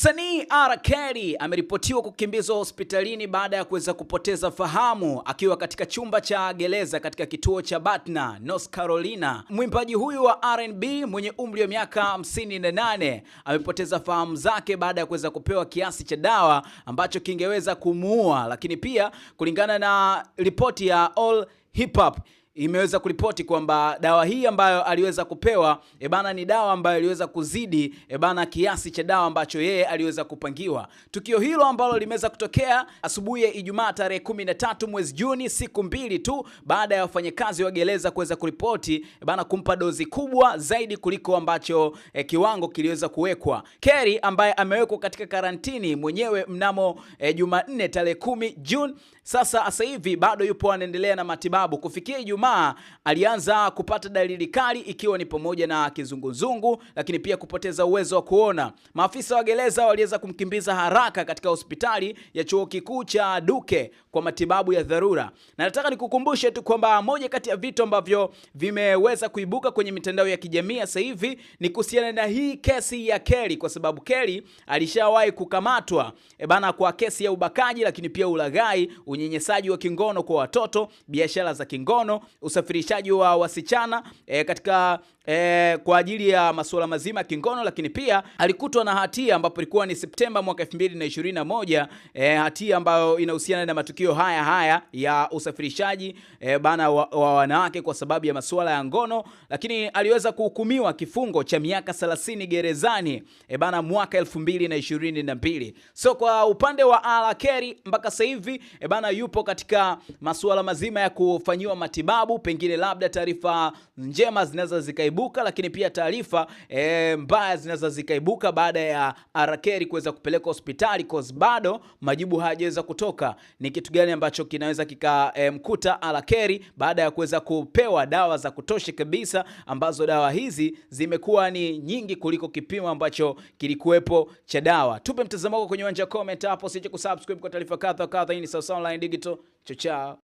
Msanii R Kelly ameripotiwa kukimbizwa hospitalini baada ya kuweza kupoteza fahamu akiwa katika chumba cha gereza katika kituo cha Butner, North Carolina. Mwimbaji huyu wa R&B mwenye umri wa miaka 58 amepoteza fahamu zake baada ya kuweza kupewa kiasi cha dawa ambacho kingeweza kumuua, lakini pia kulingana na ripoti ya All Hip Hop imeweza kuripoti kwamba dawa hii ambayo aliweza kupewa e bana, ni dawa ambayo iliweza kuzidi e bana, kiasi cha dawa ambacho yeye aliweza kupangiwa. Tukio hilo ambalo limeweza kutokea asubuhi ya Ijumaa tarehe 13 mwezi Juni, siku mbili tu baada ya wafanyakazi wa gereza kuweza kuripoti e bana, kumpa dozi kubwa zaidi kuliko ambacho e, kiwango kiliweza kuwekwa. Kerry ambaye amewekwa katika karantini mwenyewe mnamo e, Jumanne tarehe 10 Juni, sasa sasa hivi bado yupo anaendelea na matibabu kufikia Ijumaa Ijumaa alianza kupata dalili kali ikiwa ni pamoja na kizunguzungu, lakini pia kupoteza uwezo wa kuona. Maafisa wa gereza waliweza kumkimbiza haraka katika hospitali ya chuo kikuu cha Duke kwa matibabu ya dharura, na nataka nikukumbushe tu kwamba moja kati ya vitu ambavyo vimeweza kuibuka kwenye mitandao ya kijamii sasa hivi ni kuhusiana na hii kesi ya Kelly, kwa sababu Kelly alishawahi kukamatwa e bana, kwa kesi ya ubakaji, lakini pia ulaghai, unyenyesaji wa kingono kwa watoto, biashara za kingono usafirishaji wa wasichana e, katika e, kwa ajili ya masuala mazima kingono, lakini pia alikutwa na hatia ambapo ilikuwa ni Septemba mwaka 2021 e, hatia ambayo inahusiana na matukio haya haya ya usafirishaji e, bana wa, wa wanawake kwa sababu ya masuala ya ngono, lakini aliweza kuhukumiwa kifungo cha miaka 30 gerezani e, bana mwaka 2022. So kwa upande wa Ala Keri mpaka sasa hivi e, bana yupo katika masuala mazima ya kufanyiwa matibabu sababu pengine labda taarifa njema zinaweza zikaibuka, lakini pia taarifa e, mbaya zinaweza zikaibuka baada ya Arakeri kuweza kupeleka hospitali cause bado majibu hayajaweza kutoka. Ni kitu gani ambacho kinaweza kikamkuta eh, e, Arakeri baada ya kuweza kupewa dawa za kutosha kabisa, ambazo dawa hizi zimekuwa ni nyingi kuliko kipimo ambacho kilikuwepo cha dawa. Tupe mtazamo wako kwenye uwanja comment hapo, usije kusubscribe kwa taarifa kadha kadha. Hii ni Sawasawa Online Digital, chao chao.